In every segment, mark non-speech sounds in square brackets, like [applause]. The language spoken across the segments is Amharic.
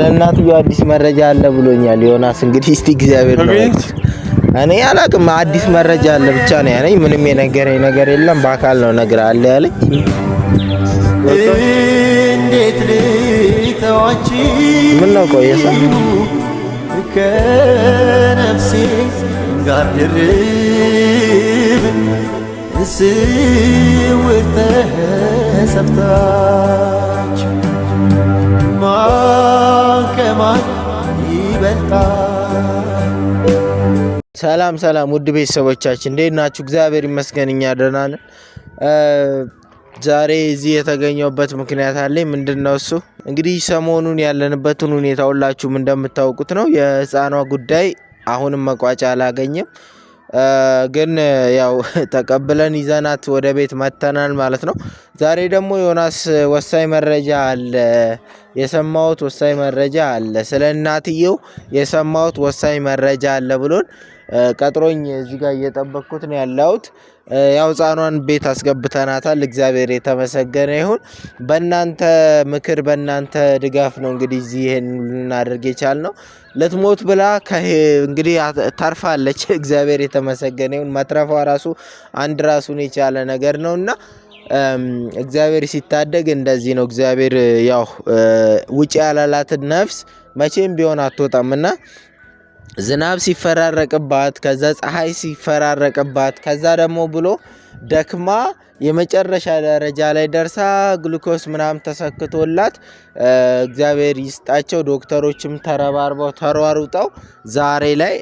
ለእናትዮ አዲስ መረጃ አለ ብሎኛል ዮናስ። እንግዲህ እስቲ እግዚአብሔር ነው እኔ አላቅም። አዲስ መረጃ አለ ብቻ ነው ያለኝ። ምንም የነገረኝ ነገር የለም። በአካል ነው ነገር አለ ያለኝ። እንዴት ልተዋች? ምን ነው ቆየ ከነፍሴ ጋር ድርብ ስውር ተሰብታች ይበልጣል? ሰላም ሰላም፣ ውድ ቤተሰቦቻችን እንዴት ናችሁ? እግዚአብሔር ይመስገን እኛ ደህና ነን። ዛሬ እዚህ የተገኘውበት ምክንያት አለ ምንድን ነው እሱ? እንግዲህ ሰሞኑን ያለንበትን ሁኔታ ሁላችሁም እንደምታውቁት ነው። የህፃኗ ጉዳይ አሁንም መቋጫ አላገኘም። ግን ያው [laughs] ተቀብለን ይዘናት ወደ ቤት መተናል ማለት ነው። ዛሬ ደግሞ ዮናስ ወሳኝ መረጃ አለ የሰማሁት ወሳኝ መረጃ አለ ስለ እናትየው የሰማሁት ወሳኝ መረጃ አለ ብሎን ቀጥሮኝ እዚህ ጋር እየጠበቅኩት ነው ያለሁት። ያው ሕፃኗን ቤት አስገብተናታል። እግዚአብሔር የተመሰገነ ይሁን። በእናንተ ምክር፣ በእናንተ ድጋፍ ነው እንግዲህ እዚህ ይህን ልናደርግ የቻልነው። ልትሞት ብላ እንግዲህ ታርፋለች። [laughs] እግዚአብሔር የተመሰገነ ይሁን። መትረፏ ራሱ አንድ ራሱን የቻለ ነገር ነው እና እግዚአብሔር ሲታደግ እንደዚህ ነው። እግዚአብሔር ያው ውጭ ያላላትን ነፍስ መቼም ቢሆን አትወጣም እና ዝናብ ሲፈራረቅባት ከዛ ፀሐይ ሲፈራረቅባት ከዛ ደግሞ ብሎ ደክማ የመጨረሻ ደረጃ ላይ ደርሳ ግሉኮስ ምናምን ተሰክቶላት እግዚአብሔር ይስጣቸው። ዶክተሮችም ተረባርበው ተሯሩጠው ዛሬ ላይ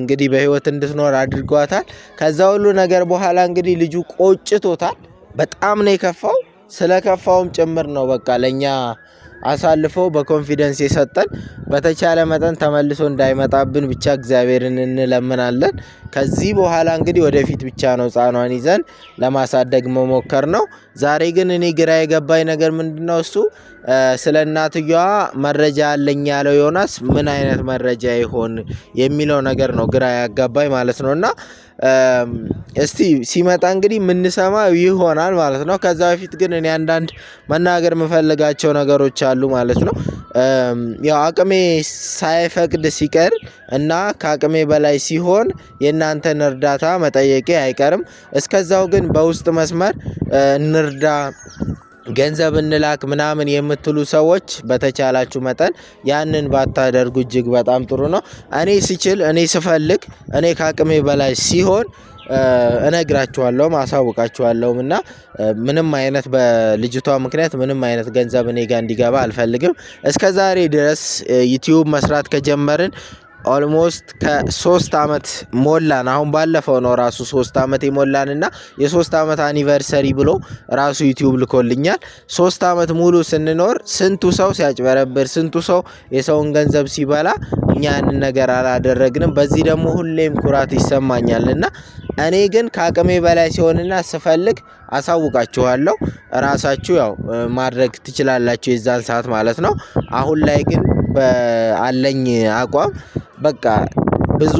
እንግዲህ በህይወት እንድትኖር አድርጓታል። ከዛ ሁሉ ነገር በኋላ እንግዲህ ልጁ ቆጭቶታል። በጣም ነው የከፋው። ስለከፋውም ጭምር ነው በቃ ለእኛ አሳልፎ በኮንፊደንስ የሰጠን በተቻለ መጠን ተመልሶ እንዳይመጣብን ብቻ እግዚአብሔርን እንለምናለን። ከዚህ በኋላ እንግዲህ ወደፊት ብቻ ነው ህፃኗን ይዘን ለማሳደግ መሞከር ነው። ዛሬ ግን እኔ ግራ የገባኝ ነገር ምንድነው እሱ ስለ እናትየዋ መረጃ አለኝ ያለው ዮናስ ምን አይነት መረጃ ይሆን የሚለው ነገር ነው ግራ ያጋባኝ ማለት ነው። እና እስቲ ሲመጣ እንግዲህ የምንሰማ ይሆናል ማለት ነው። ከዛ በፊት ግን እኔ አንዳንድ መናገር የምፈልጋቸው ነገሮች አሉ ማለት ነው። ያው አቅሜ ሳይፈቅድ ሲቀር እና ከአቅሜ በላይ ሲሆን የእናንተን እርዳታ መጠየቄ አይቀርም። እስከዛው ግን በውስጥ መስመር እንርዳ ገንዘብ እንላክ ምናምን የምትሉ ሰዎች በተቻላችሁ መጠን ያንን ባታደርጉ እጅግ በጣም ጥሩ ነው። እኔ ስችል፣ እኔ ስፈልግ፣ እኔ ከአቅሜ በላይ ሲሆን እነግራችኋለሁም አሳውቃችኋለሁም እና ምንም አይነት በልጅቷ ምክንያት ምንም አይነት ገንዘብ እኔ ጋር እንዲገባ አልፈልግም። እስከ ዛሬ ድረስ ዩቲዩብ መስራት ከጀመርን ኦልሞስት ከሶስት አመት ሞላን። አሁን ባለፈው ነው ራሱ ሶስት አመት የሞላን ና የሶስት አመት አኒቨርሰሪ ብሎ ራሱ ዩቲዩብ ልኮልኛል። ሶስት አመት ሙሉ ስንኖር ስንቱ ሰው ሲያጭበረብር፣ ስንቱ ሰው የሰውን ገንዘብ ሲበላ፣ እኛ ያንን ነገር አላደረግንም። በዚህ ደግሞ ሁሌም ኩራት ይሰማኛል እና እኔ ግን ከአቅሜ በላይ ሲሆንና ስፈልግ አሳውቃችኋለሁ። ራሳችሁ ያው ማድረግ ትችላላችሁ የዛን ሰዓት ማለት ነው። አሁን ላይ ግን በአለኝ አቋም በቃ ብዙ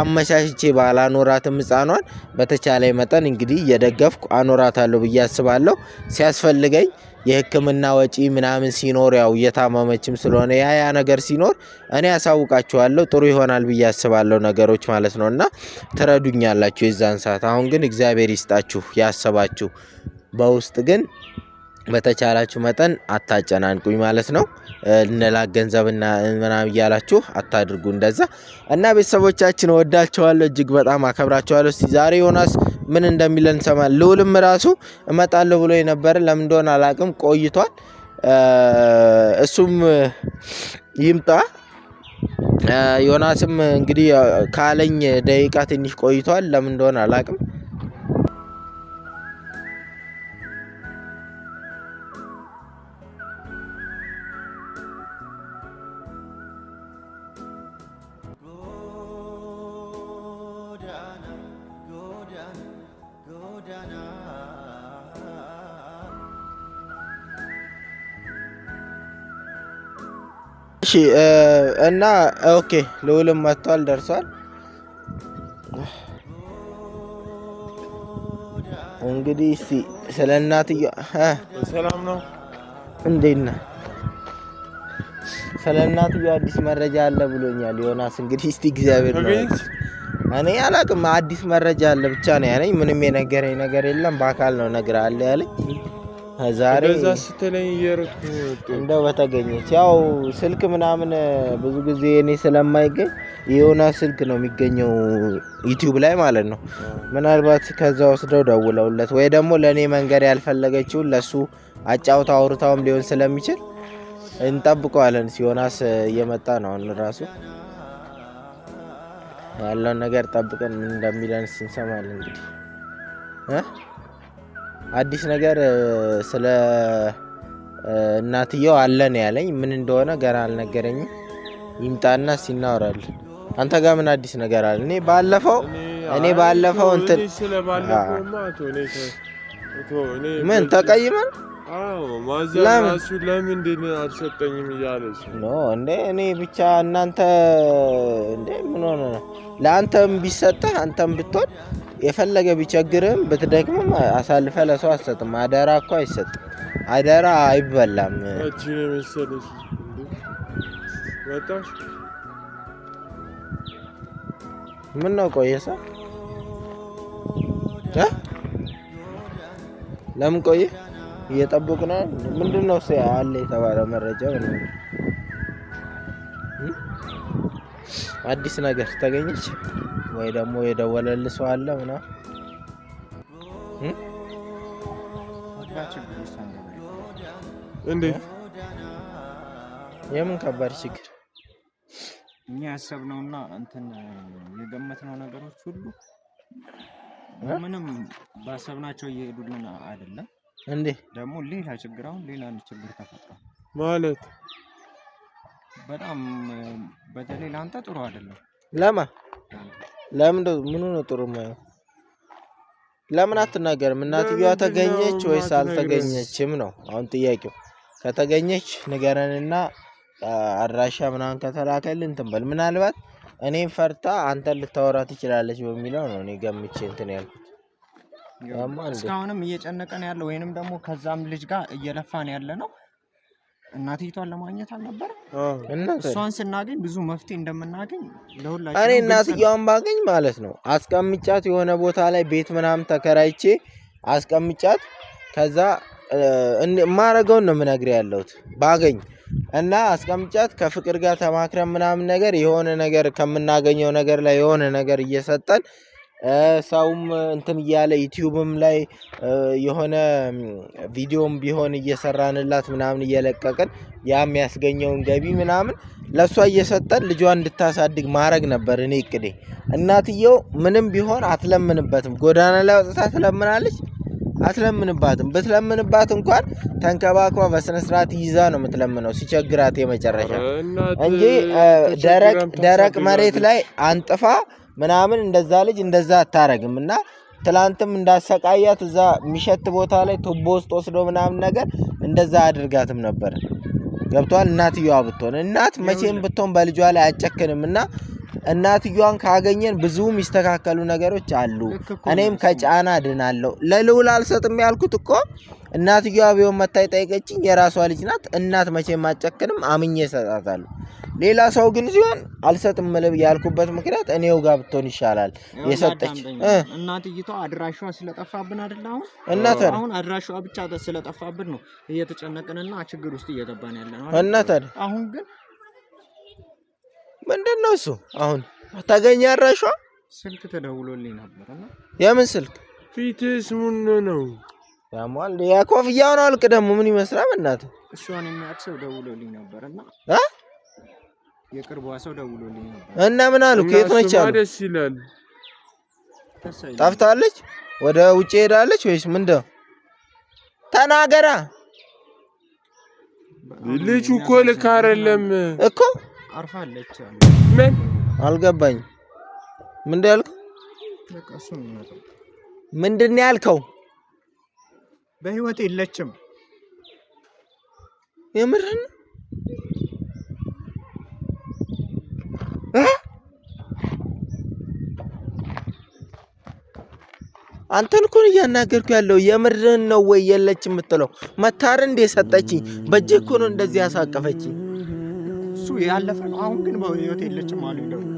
አመቻችቼ ባላኖራትም ህፃኗን በተቻለ መጠን እንግዲህ እየደገፍኩ አኖራታለሁ ብዬ አስባለሁ። ሲያስፈልገኝ የህክምና ወጪ ምናምን ሲኖር ያው እየታመመችም ስለሆነ ያ ያ ነገር ሲኖር እኔ ያሳውቃችኋለሁ። ጥሩ ይሆናል ብዬ አስባለሁ ነገሮች ማለት ነው እና ትረዱኛላችሁ የዛን ሰዓት። አሁን ግን እግዚአብሔር ይስጣችሁ ያሰባችሁ። በውስጥ ግን በተቻላችሁ መጠን አታጨናንቁኝ ማለት ነው። እንላክ ገንዘብ እና ምናምን እያላችሁ አታድርጉ እንደዛ። እና ቤተሰቦቻችን ወዳቸዋለሁ፣ እጅግ በጣም አከብራቸዋለሁ። እስቲ ዛሬ ዮናስ ምን እንደሚለን ሰማል። ልውልም ራሱ እመጣለሁ ብሎ የነበረ ለምን እንደሆነ አላቅም፣ ቆይቷል። እሱም ይምጣ ዮናስም እንግዲህ ካለኝ ደቂቃ ትንሽ ቆይቷል። ለምን እንደሆነ አላቅም። እሺ እና ኦኬ ልውልም መጥቷል፣ ደርሷል። እንግዲህ እስቲ ስለ እናትዬ ሰላም ነው፣ እንዴት ነህ? ስለ እናትዬ አዲስ መረጃ አለ ብሎኛል ዮናስ። እንግዲህ እስቲ እግዚአብሔር ነው እኔ አላቅም። አዲስ መረጃ አለ ብቻ ነው ያለኝ። ምንም የነገረኝ ነገር የለም። በአካል ነው እነግርሃለሁ ያለኝ ዛሬ እዛ ስትለኝ እየሮጥኩ እንደው በተገኘች ያው ስልክ ምናምን ብዙ ጊዜ እኔ ስለማይገኝ የሆነ ስልክ ነው የሚገኘው ዩቲዩብ ላይ ማለት ነው። ምናልባት ከዛ ወስደው ደውለውለት ወይ ደግሞ ለእኔ መንገድ ያልፈለገችውን ለእሱ አጫውታ አውርታውም ሊሆን ስለሚችል እንጠብቀዋለን። ሲሆናስ እየመጣ ነው አሁን ራሱ ያለውን ነገር ጠብቀን እንደሚለን እንሰማለን እንግዲህ አዲስ ነገር ስለ እናትየው አለ ነው ያለኝ። ምን እንደሆነ ገና አልነገረኝም። ይምጣና ሲናወራል። አንተ ጋር ምን አዲስ ነገር አለ? እኔ ባለፈው እኔ ባለፈው እንትን ምን ተቀይመን ለምንድን አልሰጠኝም እያለች ነው እንዴ? እኔ ብቻ እናንተ እንደ ምን ሆነ ለአንተም ቢሰጠህ አንተም ብትሆን የፈለገ ቢቸግርም ብትደክምም አሳልፈ ለሰው አትሰጥም። አደራ እኮ አይሰጥም። አደራ አይበላም። ምን ነው ቆየ ሰው ለምን ቆየ? እየጠበቁ ነው። ምንድን ነው አለ የተባለ መረጃ አዲስ ነገር ተገኘች። ወይ ደግሞ የደወለል ሰው አለ ምናምን እንዴት? የምን ከባድ ችግር እኛ ያሰብነውና እንትን የገመትነው ነገሮች ሁሉ ምንም ባሰብናቸው እየሄዱልን አይደለም። እንዴ ደግሞ ሌላ ችግር አሁን ሌላ ችግር ተፈጥሮ ማለት በጣም በተለይ ለአንተ ጥሩ አይደለም። ለማ ለምን ምኑ ነው ጥሩ የማይሆን? ለምን አትናገርም? እናትየዋ ተገኘች ወይስ አልተገኘችም ነው አሁን ጥያቄው። ከተገኘች ንገረንና አድራሻ ምናምን ከተላከልን እንትን በል። ምናልባት እኔም ፈርታ አንተ ልታወራ ትችላለች በሚለው ነው እኔ ገምቼ እንትን ያልኩት። እስካሁንም እየጨነቀን ያለው ወይንም ደግሞ ከዛም ልጅ ጋር እየለፋን ያለ ነው። እናትይቷን ለማግኘት አልነበረ እሷን ስናገኝ ብዙ መፍትሄ እንደምናገኝ ለሁላችን። እኔ እናትየዋን ባገኝ ማለት ነው አስቀምጫት የሆነ ቦታ ላይ ቤት ምናምን ተከራይቼ አስቀምጫት ከዛ ማረገውን ነው ምነግር ያለሁት ባገኝ እና አስቀምጫት ከፍቅር ጋር ተማክረን ምናምን ነገር የሆነ ነገር ከምናገኘው ነገር ላይ የሆነ ነገር እየሰጠን ሰውም እንትን እያለ ዩቲዩብም ላይ የሆነ ቪዲዮም ቢሆን እየሰራንላት ምናምን እየለቀቅን ያ የሚያስገኘውን ገቢ ምናምን ለእሷ እየሰጠን ልጇን እንድታሳድግ ማድረግ ነበር እኔ እቅዴ። እናትየው ምንም ቢሆን አትለምንበትም፣ ጎዳና ላይ ወጥታ ትለምናለች አትለምንባትም። ብትለምንባት እንኳን ተንከባክባ በስነስርዓት ይዛ ነው የምትለምነው፣ ሲቸግራት የመጨረሻ እንጂ ደረቅ መሬት ላይ አንጥፋ ምናምን እንደዛ ልጅ እንደዛ አታረግም እና ትላንትም እንዳሰቃያት እዛ የሚሸት ቦታ ላይ ቱቦ ውስጥ ወስዶ ምናምን ነገር እንደዛ አድርጋትም ነበር። ገብተዋል። እናትየዋ ብትሆን እናት መቼም ብትሆን በልጇ ላይ አጨክንም እና እናትየዋን ካገኘን ብዙ የሚስተካከሉ ነገሮች አሉ። እኔም ከጫና ድናለሁ። ለልውል አልሰጥም ያልኩት እኮ እናትየዋ ቢሆን መታ የጠየቀችኝ የራሷ ልጅ ናት። እናት መቼም አጨክንም፣ አምኜ እሰጣታለሁ። ሌላ ሰው ግን ሲሆን አልሰጥም ልብ ያልኩበት ምክንያት እኔው ጋር ብትሆን ይሻላል። የሰጠች እናትይቷ አድራሿ ስለጠፋብን አይደል? አሁን እናት አሁን አድራሿ ብቻ ስለጠፋብን ነው እየተጨነቅንና ችግር ውስጥ እየገባን ያለ ነው። እናት አሁን ግን ምንድን ነው እሱ? አሁን ተገኘ አራሿ ስልክ ተደውሎልኝ ነበርና። የምን ስልክ? ፊትስ ሙን ነው ያሟል። የኮፍያውን አልቅ። ደግሞ ምን ይመስላል? እናት እሷን የሚያውቅ ሰው ደውሎልኝ ነበርና አ የቅርቧ ሰው ደውሎልኝ ነበር እና ምን አሉ? ከየት ነች አሉ? ደስ ይላል። ጠፍታለች? ወደ ውጪ ሄዳለች ወይስ ምንድነው? ተናገራ። ልጁ እኮ ልክ አይደለም እኮ አርፋለች። ምን አልገባኝ። ምንድን ያልከው? በቃ እሱ ነው የሚመጣው። ምንድን ያልከው? በህይወት የለችም። የምርህን አንተን እኮ እያናገርኩ ያለው የምርህን ነው ወይ? የለች የምትለው መታር እንዴ ሰጠች በእጄ እኮ ነው እንደዚህ ያሳቀፈችኝ። እሱ ያለፈ ነው። አሁን ግን በህይወት የለችም አሉ። ደግሞ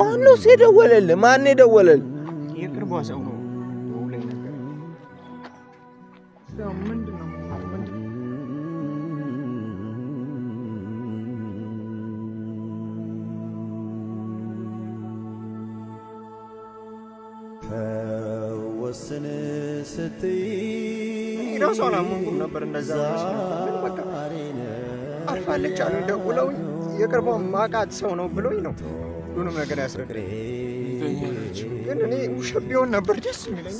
ማነው የደወለልህ? ማነው የደወለልህ? የቅርቧ ሰው ነው። ተወስን ስትይ ሄደው ሰው ላመንኩም ነበር። እንደዛ አልፋለች አሉ ደውለው፣ የቅርቧ ማቃት ሰው ነው ብሎኝ ነው ሁሉንም ነገር ያስረዳል። ግን እኔ ውሸት ቢሆን ነበር ደስ የሚለኝ።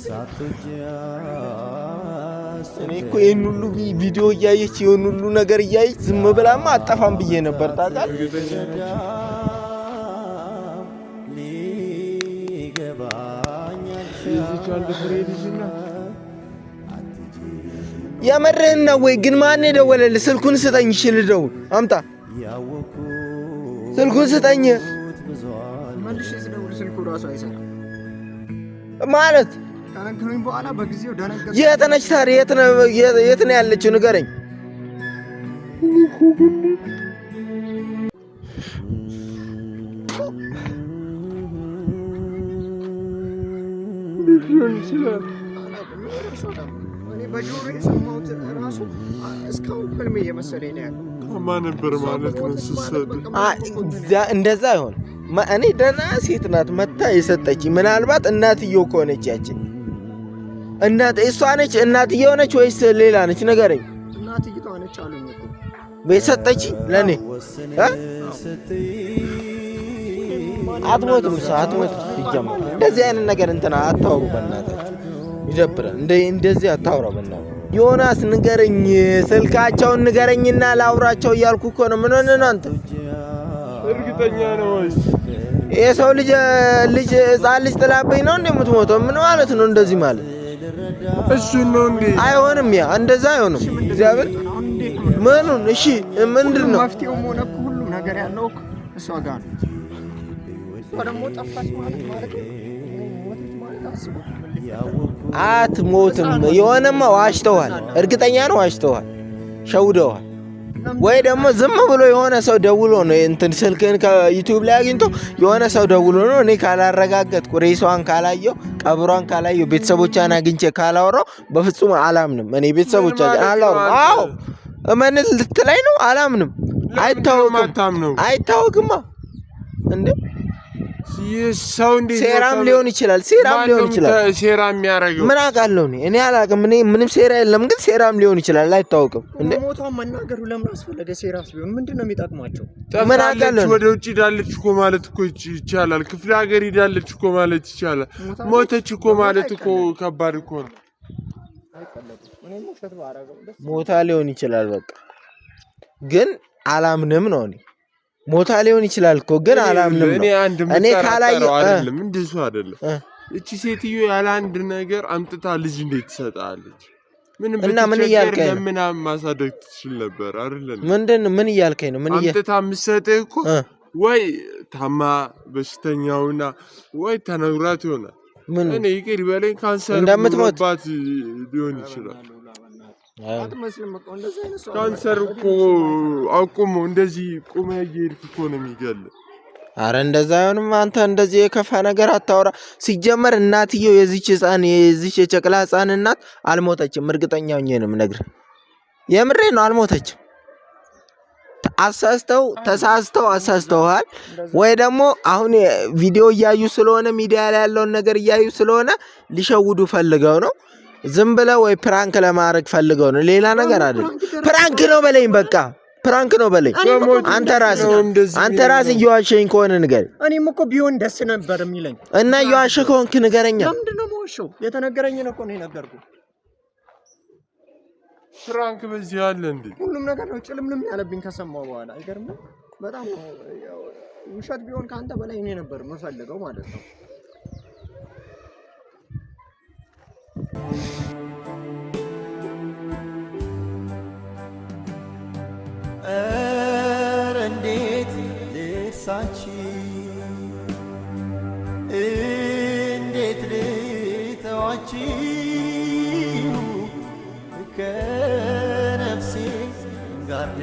እኔ እኮ ይህን ሁሉ ቪዲዮ እያየች ይህን ሁሉ ነገር እያየች ዝም ብላማ አጠፋም ብዬ ነበር ታውቃለህ። ሊገባኝ የመርህን ነው ወይ ግን? ማን የደወለልህ? ስልኩን ስጠኝ። እሺ ልደውል። አምጣ ስልኩን ስጠኝ። ማለት የት ነች ታዲያ? የት ነው ያለችው? ንገረኝ። ይችላል በጆሮ የሰማሁትን እስካሁን እየመሰለኝ ነው ያለው። እንደዛ ይሆን እኔ ደህና ሴት ናት መታ የሰጠች ምናልባት እናትየው ከሆነች ያችን እናት እሷ ነች እናትየው ነች ወይስ ሌላ ነች? ንገረኝ። የሰጠች ለእኔ አትሞትም። ሰው ይጀምር እንደዚህ አይነት ነገር እንትና አታወሩ በእናታችሁ ይደብራል። እንደ እንደዚህ አታውራ በና ዮናስ ንገረኝ፣ ስልካቸውን ንገረኝና ላውራቸው እያልኩ እኮ ነው። ምን ሆነህ ነው አንተ? እርግጠኛ ነው ወይስ የሰው ልጅ ልጅ ህፃን ልጅ ጥላብኝ ነው እንዴ የምትሞተው? ምን ማለት ነው እንደዚህ ማለት? እሱ ነው እንዴ? አይሆንም፣ ያ እንደዛ አይሆንም። እግዚአብሔር ምኑን እሺ፣ ምንድን ነው መፍትሄው? ሆነ ሁሉ ነገር ያለው እሷ ጋር ነው። ደግሞ ጠፋች ማለት ማለት ነው አትሞትም። የሆነማ ዋሽተዋል፣ እርግጠኛ ነው ዋሽተዋል፣ ሸውደዋል። ወይ ደግሞ ዝም ብሎ የሆነ ሰው ደውሎ ነው እንትን ስልክን ከዩቲዩብ ላይ አግኝቶ የሆነ ሰው ደውሎ ነው እኔ ካላረጋገጥኩ ሬሷን ካላየው ቀብሯን ካላየው ቤተሰቦቿን አግኝቼ ካላወራው በፍጹም አላምንም። እኔ ቤተሰቦቿ አላወራም። አዎ እመን ልትላይ ነው? አላምንም። አይታወቅም አይታወቅማ እንዴ ሴራም ሊሆን ይችላል። ሴራም ሊሆን ይችላል። ሴራ የሚያደርገው ምን አውቃለሁ እኔ እኔ አላውቅም። እኔ ምንም ሴራ የለም፣ ግን ሴራም ሊሆን ይችላል። አይታወቅም። እንደ ሞታ መናገሩ ለምን አስፈለገ? ሴራስ ቢሆን ምንድን ነው የሚጠቅማቸው? ምን አውቃለሁ። ወደ ውጭ ሄዳለች እኮ ማለት እኮ ይቻላል። ክፍለ ሀገር ሄዳለች እኮ ማለት ይቻላል። ሞተች እኮ ማለት እኮ ከባድ እኮ ነው። ሞታ ሊሆን ይችላል። በቃ ግን አላምንም ነው እኔ ሞታ ሊሆን ይችላል እኮ ግን አላምንም ነው እኔ ካላየ አይደለም። እንደሱ አይደለም። እቺ ሴትዮ ያለ አንድ ነገር አምጥታ ልጅ እንዴት ትሰጣለች? እና ምን እያልከኝ ነው? ምን ማሳደግ ትችል ነበር አይደለም? ምንድን ምን እያልከኝ ነው? ምን አምጥታ የምትሰጥህ እኮ ወይ ታማ በሽተኛውና ወይ ተነግራት ይሆናል። እኔ ይቅር በለኝ ካንሰር እንደምትሞት ሊሆን ይችላል ካንሰር እኮ አቁሞ እንደዚህ ቁመ እየሄድክ እኮ ነው የሚገል። አረ እንደዛ አይሆንም። አንተ እንደዚህ የከፋ ነገር አታወራ። ሲጀመር እናትየው የዚች ህፃን የዚች የጨቅላ ህፃን እናት አልሞተችም። እርግጠኛ ሆኜ ነው የምነግርህ። የምሬ ነው፣ አልሞተችም። አሳስተው ተሳስተው አሳስተውሃል፣ ወይ ደግሞ አሁን ቪዲዮ እያዩ ስለሆነ ሚዲያ ላይ ያለውን ነገር እያዩ ስለሆነ ሊሸውዱ ፈልገው ነው ዝም ብለህ ወይ ፕራንክ ለማድረግ ፈልገው ነው፣ ሌላ ነገር አይደለም። ፕራንክ ነው በለኝ፣ በቃ ፕራንክ ነው በለኝ። አንተ ራስህ አንተ ራስህ እየዋሸኝ ከሆነ ንገር። እኔም እኮ ቢሆን ደስ ነበር የሚለኝ እና እየዋሸ ከሆንክ ንገረኛ። ለምንድን ነው የምዋሸው? የተነገረኝን እኮ ነው የነገርኩህ። ፕራንክ በዚህ አለ እንዴ? ሁሉም ነገር ነው ጭልምልም ያለብኝ ከሰማሁ በኋላ አይገርምም። በጣም ውሸት ቢሆን ከአንተ በላይ እኔ ነበር የምፈልገው ማለት ነው።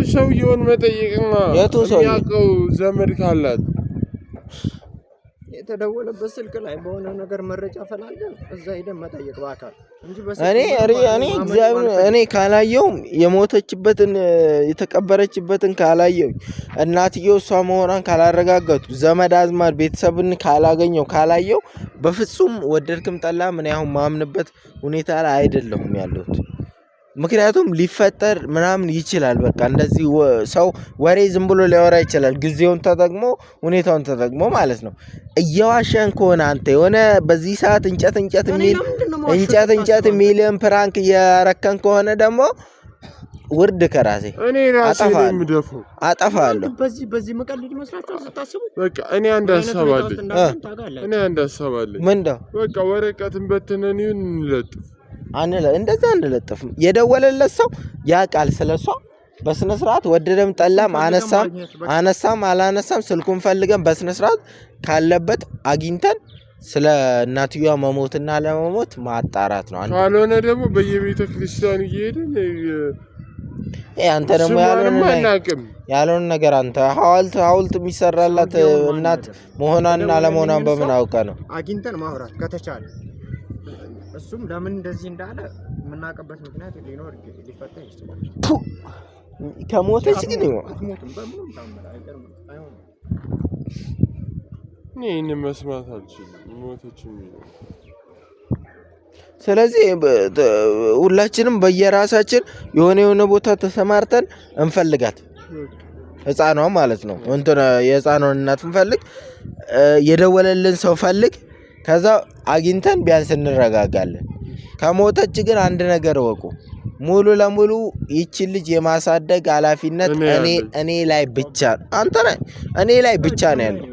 አብረሽ ሰውየውን መጠየቅና የሚያውቀው ዘመድ ካላት የተደወለበት ስልክ ላይ በሆነ ነገር መረጃ ፈላልገን እዛ ሄደን መጠየቅ በአካል እኔ እኔ እኔ እኔ ካላየው የሞተችበትን የተቀበረችበትን ካላየው እናትየው እሷ መሆኗን ካላረጋገጡ ዘመድ አዝማድ ቤተሰብን ካላገኘው ካላየው በፍጹም ወደድክም ጠላ ምን ያሁን ማምንበት ሁኔታ ላይ አይደለሁም ያለሁት። ምክንያቱም ሊፈጠር ምናምን ይችላል በቃ እንደዚህ ሰው ወሬ ዝም ብሎ ሊያወራ ይችላል ጊዜውን ተጠቅሞ ሁኔታውን ተጠቅሞ ማለት ነው። እየዋሸን ከሆነ አንተ የሆነ በዚህ ሰዓት እንጨት እንጨት ሚል እንጨት እንጨት ሚልን ፕራንክ እያረከን ከሆነ ደግሞ ውርድ ከራሴ እኔ ራሴ አጠፋለሁ። በዚህ በዚህ መቀልድ መስራት ስታስቡ በቃ እኔ አንድ ሀሳብ አለኝ። እኔ አንድ ሀሳብ አለኝ። ምንድን ነው በቃ ወረቀትን በትነን ይሁን እንለጥፍ አንለ እንደዛ አንለጥፍም። የደወለለት ሰው ያ ቃል ስለሷ በስነ ስርዓት ወደደም ጠላም አነሳም አነሳም አላነሳም ስልኩን ፈልገን በስነ ስርዓት ካለበት አግኝተን ስለ እናትዮዋ መሞትና ለመሞት ማጣራት ነው። ካልሆነ ደግሞ በየቤተ ክርስቲያኑ እየሄድን አንተ ደግሞ ያልሆነ ነገር አንተ ሐውልት ሐውልት የሚሰራላት እናት መሆኗን አለመሆኗን በምን አውቀ ነው አግኝተን ማውራት ከተቻለ እሱም ለምን እንደዚህ እንዳለ የምናውቅበት ምክንያት ሊኖር ሊፈታ ይችላል። ከሞተች ግን ይህን መስማት አልችልም። ሞተች የሚለው ስለዚህ ሁላችንም በየራሳችን የሆነ የሆነ ቦታ ተሰማርተን እንፈልጋት። ህፃኗ ማለት ነው እንትን የህፃኗን እናት እንፈልግ፣ የደወለልን ሰው ፈልግ። ከዛ አግኝተን ቢያንስ እንረጋጋለን። ከሞተች ግን አንድ ነገር እወቁ፣ ሙሉ ለሙሉ ይችን ልጅ የማሳደግ ኃላፊነት እኔ ላይ ብቻ አንተ እኔ ላይ ብቻ ነው ያለው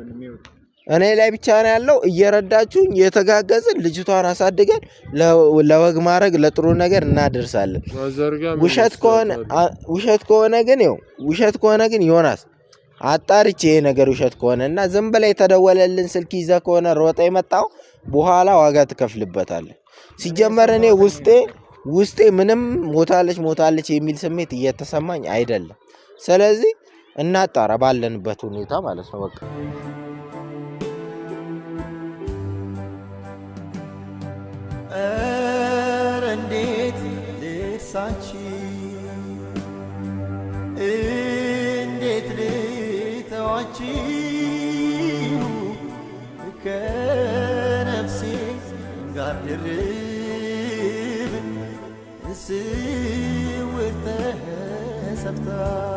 እኔ ላይ ብቻ ነው ያለው። እየረዳችሁኝ የተጋገዝን ልጅቷን አሳድገን ለወግ ማድረግ ለጥሩ ነገር እናደርሳለን። ውሸት ከሆነ ግን ው ውሸት ከሆነ ግን ዮናስ አጣርቼ ይሄ ነገር ውሸት ከሆነ እና ዝም ብለህ የተደወለልን ስልክ ይዘህ ከሆነ ሮጠ የመጣው በኋላ ዋጋ ትከፍልበታለህ። ሲጀመር እኔ ውስጤ ውስጤ ምንም ሞታለች ሞታለች የሚል ስሜት እየተሰማኝ አይደለም። ስለዚህ እናጣራ ባለንበት ሁኔታ ማለት ነው በቃ እንዴት ልርሳችሁ አንቺኑ ከነፍሴ ጋር ድርብ ስውር ተሰፍታ